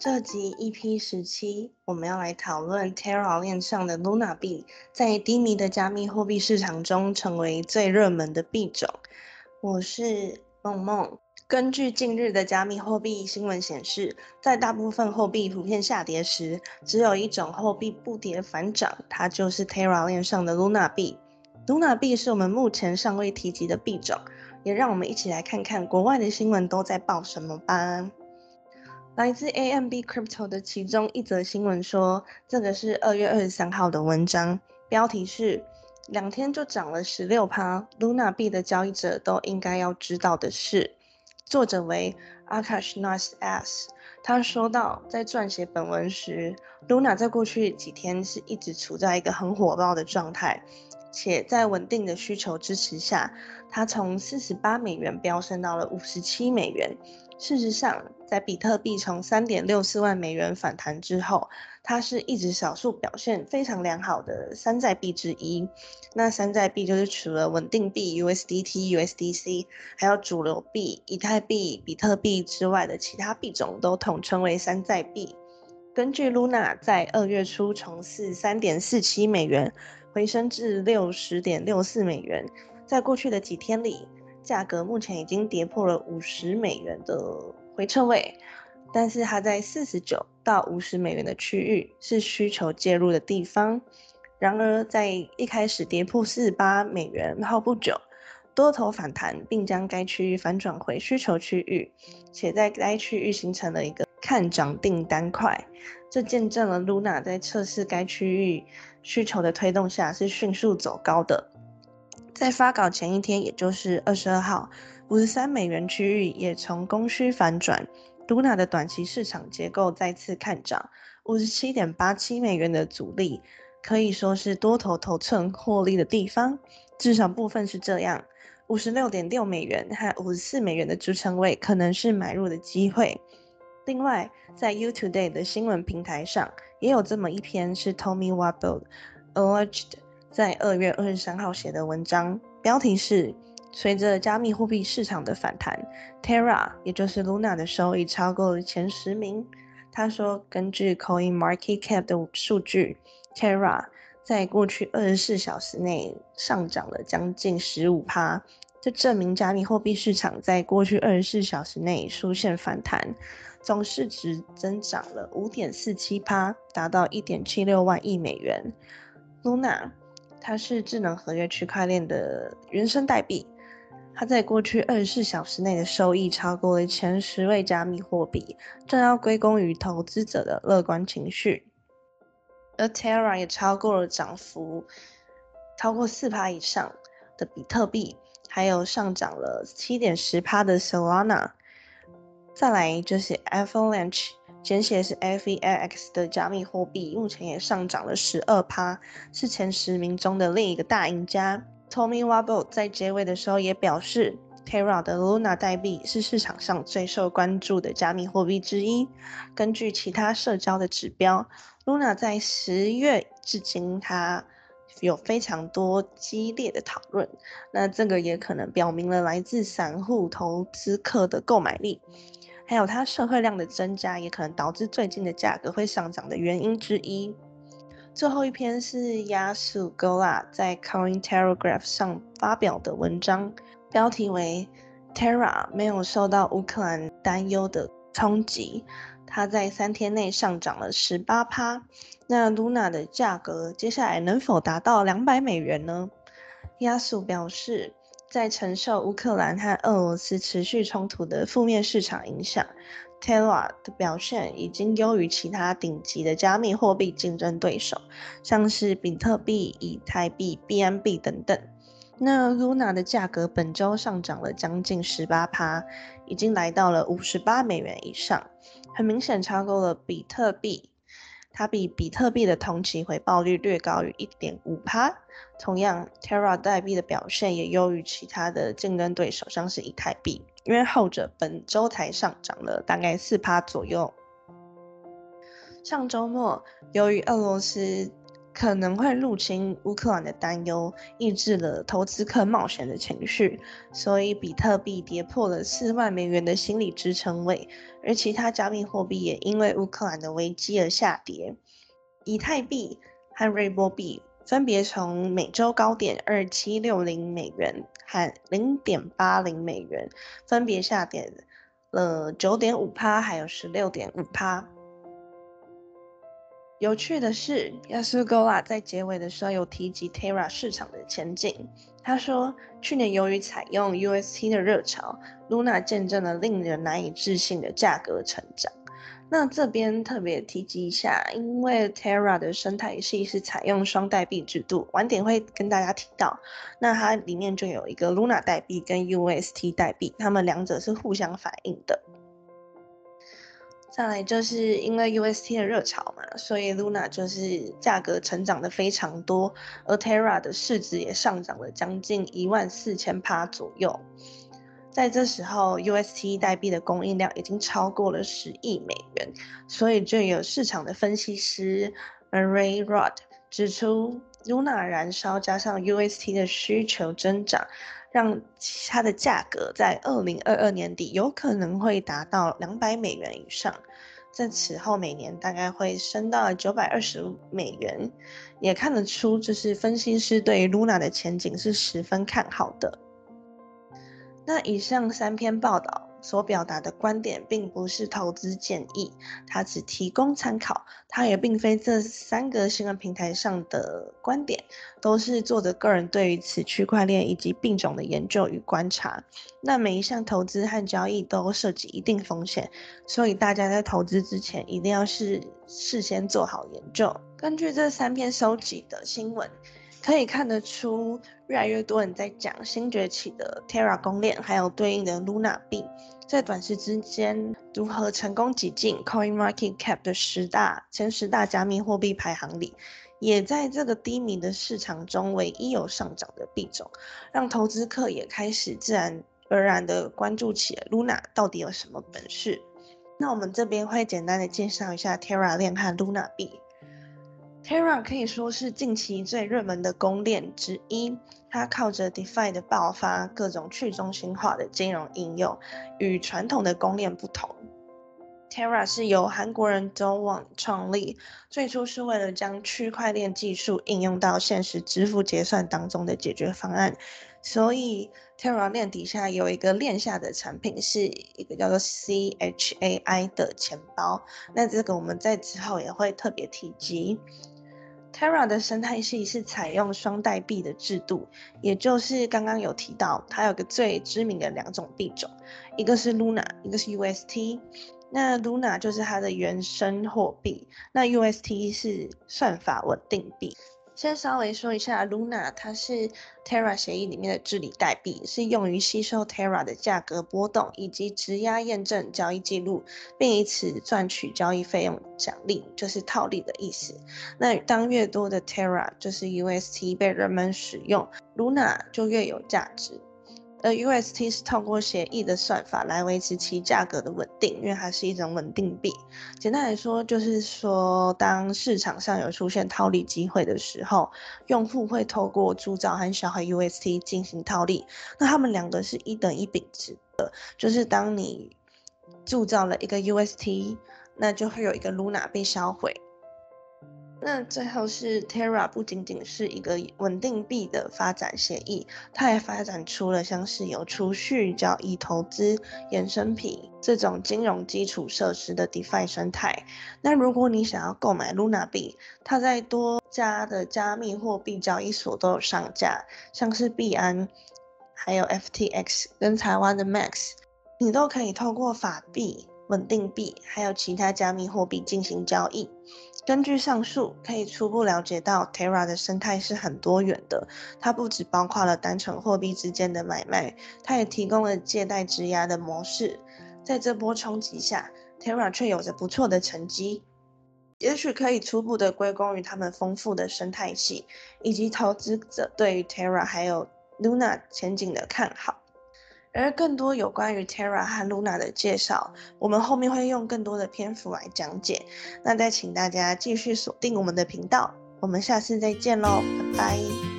這集 EP17，我們要來討論 Terra 鏈上的 Luna 幣，在低迷的加密貨幣市場中成為最熱門的幣種。我是夢夢。根據近日的加密貨幣新聞顯示，在大部分貨幣普遍下跌時，只有一種貨幣不跌反漲，它就是 Terra 鏈上的 Luna 幣。Luna 幣是我們目前尚未提及的幣種，也讓我們一起來看看國外的新聞都在報什麼吧。來自 AMB Crypto 的其中一則新聞說，這個是二月二十三號的文章，標題是“兩天就漲了十六趴 ”，Luna 幣的交易者都應該要知道的事。作者為 Akash Narsas，他說到，在撰寫本文時，Luna 在過去幾天是一直處在一個很火爆的狀態。且在穩定的需求支持下，它從四十八美元飆升到了五十七美元。事實上，在比特幣從三點六四萬美元反彈之後，它是一直少數表現非常良好的山寨幣之一。那山寨幣就是除了穩定幣 USDT、USDC，USD 還有主流幣以太幣、比特幣之外的其他幣種都統稱為山寨幣。根據 Luna 在二月初從三點四七美元，回升至六十點六四美元。在過去的幾天裡，價格目前已經跌破了五十美元的回撤位，但是它在四十九到五十美元的區域是需求介入的地方。然而，在一開始跌破四十八美元後不久，多頭反彈，並將該區域反轉回需求區域，且在該區域形成了一個看漲訂單塊。這見證了 Luna 在測試該區域需求的推動下是迅速走高的。在發稿前一天，也就是二十二號，五十三美元區域也從供需反轉，Luna 的短期市場結構再次看漲。五十七點八七美元的阻力可以說是多頭頭寸獲利的地方，至少部分是這樣。五十六點六美元和五十四美元的支撐位可能是買入的機會。另外，在 U Today 的新聞平台上，也有這麼一篇是 Tommy Wabold 撰寫在二月二十三號寫的文章，標題是《隨着加密貨幣市場的反彈，Terra 也就是 Luna 的收益超過了前十名》。他說，根據 Coin Market Cap 的數據，Terra 在過去二十四小時內上漲了將近十五趴，這證明加密貨幣市場在過去二十四小時內出現反彈。總市值增長了五點四七%，達到一點七六萬億美元。Luna，它是智能合約區塊鏈的原生代幣，它在過去二十四小時內的收益超過了前十位加密貨幣，這要歸功於投資者的樂觀情緒。而 Terra 也超過了漲幅，超過四%以上的比特幣，還有上漲了七點十%的 Solana。再來就是 Avalanche，簡寫是 AVAX 的加密貨幣，目前也上漲了十二趴，是前十名中的另一個大贏家。Tommy Wabble 在結尾的時候也表示，Terra 的 Luna 代幣是市場上最受關注的加密貨幣之一。根據其他社交的指標，Luna 在十月至今，它有非常多激烈的討論。那這個也可能表明了來自散戶投資客的購買力。還有它社會量的增加，也可能導致最近的價格會上漲的原因之一。最後一篇是 Yasu Gola 在 Coin Telegraph 上發表的文章，標題為 “Terra 沒有受到烏克蘭擔憂的衝擊，它在三天內上漲了十八趴”。那 Luna 的價格接下來能否達到兩百美元呢？Yasu 表示。在承受烏克蘭和俄羅斯持續衝突的負面市場影響，Terra 的表現已經優於其他頂級的加密貨幣競爭對手，像是比特幣、以太幣、BNB 等等。那 Luna 的價格本周上漲了將近十八趴，已經來到了五十八美元以上，很明顯超過了比特幣。它比比特幣的同期回報率略高於一點五趴。同樣，Terra 代幣的表現也優於其他的競爭對手，像是以太幣，因為後者本周才上漲了大概四趴左右。上周末，由於俄羅斯可能會入侵烏克蘭的擔憂，抑制了投資客冒險的情緒，所以比特幣跌破了四萬美元的心理支撐位，而其他加密貨幣也因為烏克蘭的危機而下跌。以太幣和瑞波幣。分別從每周高點二七六零美元和零點八零美元，分別下跌了九點五趴，還有十六點五趴。有趣的是，Yasugola 在結尾的時候有提及 Terra 市場的前景。他說，去年由於採用 UST 的熱潮，Luna 見證了令人難以置信的價格成長。那這邊特別提及一下，因為 Terra 的生態系是採用雙代幣制度，晚點會跟大家提到。那它裡面就有一個 Luna 代幣跟 UST 代幣，它們兩者是互相反應的。再來就是因為 UST 的熱潮嘛，所以 Luna 就是價格成長的非常多，而 Terra 的市值也上漲了將近一萬四千趴左右。在這時候，UST 代幣的供應量已經超過了十億美元，所以就有市場的分析師 Marie Rod 指出，Luna 燃燒加上 UST 的需求增長，讓它的價格在二零二二年底有可能會達到兩百美元以上，在此後每年大概會升到九百二十美元，也看得出就是分析師對 Luna 的前景是十分看好的。那以上三篇報道所表達的觀點，並不是投資建議，它只提供參考，它也並非這三個新聞平台上的觀點，都是作者個人對於此區塊鏈以及幣種的研究與觀察。那每一項投資和交易都涉及一定風險，所以大家在投資之前一定要事事先做好研究。根據這三篇收集的新聞。可以看得出，越來越多人在講新崛起的 Terra 公鏈，還有對應的 Luna 幣，在短時之間如何成功擠進 CoinMarketCap 的十大前十大加密貨幣排行裡，也在這個低迷的市場中唯一有上漲的幣種，讓投資客也開始自然而然的關注起 Luna 到底有什麼本事。那我們這邊會簡單的介紹一下 Terra 鏈和 Luna 幣。Terra 可以說是近期最熱門的公鏈之一，它靠着 DeFi 的爆發，各種去中心化的金融應用。與傳統的公鏈不同，Terra 是由韓國人 Do Kwon 創立，最初是為了將區塊鏈技術應用到現實支付結算當中的解決方案。所以 Terra 鏈底下有一個鏈下的產品，是一個叫做 CHAI 的錢包。那這個我們在之後也會特別提及。Terra 的生態系是採用雙代幣的制度，也就是剛剛有提到，它有個最知名的兩種幣種，一個是 Luna，一個是 UST。那 Luna 就是它的原生貨幣，那 UST 是算法穩定幣。先稍微說一下，Luna 它是 Terra 協議裡面的治理代幣，是用於吸收 Terra 的價格波動以及質押驗證交易記錄，並以此賺取交易費用獎勵，就是套利的意思。那當越多的 Terra 就是 UST 被人們使用，Luna 就越有價值。呃，UST 是透過協議的算法來維持其價格的穩定，因為它是一種穩定幣。簡單來說，就是說當市場上有出現套利機會的時候，用戶會透過鑄造和銷毀 UST 進行套利。那他們兩個是一等一比值的，就是當你鑄造了一個 UST，那就會有一個 Luna 被銷毀。那最後是 Terra，不僅僅是一個穩定幣的發展協議，它也發展出了像是有儲蓄、交易、投資、衍生品這種金融基礎設施的 DeFi 生態。那如果你想要購買 Luna 幣，它在多家的加密貨幣交易所都有上架，像是幣安、還有 FTX 跟台灣的 Max，你都可以透過法幣。穩定幣還有其他加密貨幣進行交易。根據上述，可以初步了解到 Terra 的生態是很多元的，它不只包括了單純貨幣之間的買賣，它也提供了借貸質押的模式。在這波衝擊下，Terra 卻有着不錯的成績，也許可以初步的歸功於他們豐富的生態系，以及投資者對於 Terra 還有 Luna 前景的看好。而更多有關於 Terra 和 Luna 的介紹，我們後面會用更多的篇幅來講解。那再請大家繼續鎖定我們的頻道，我們下次再見嘍，拜拜。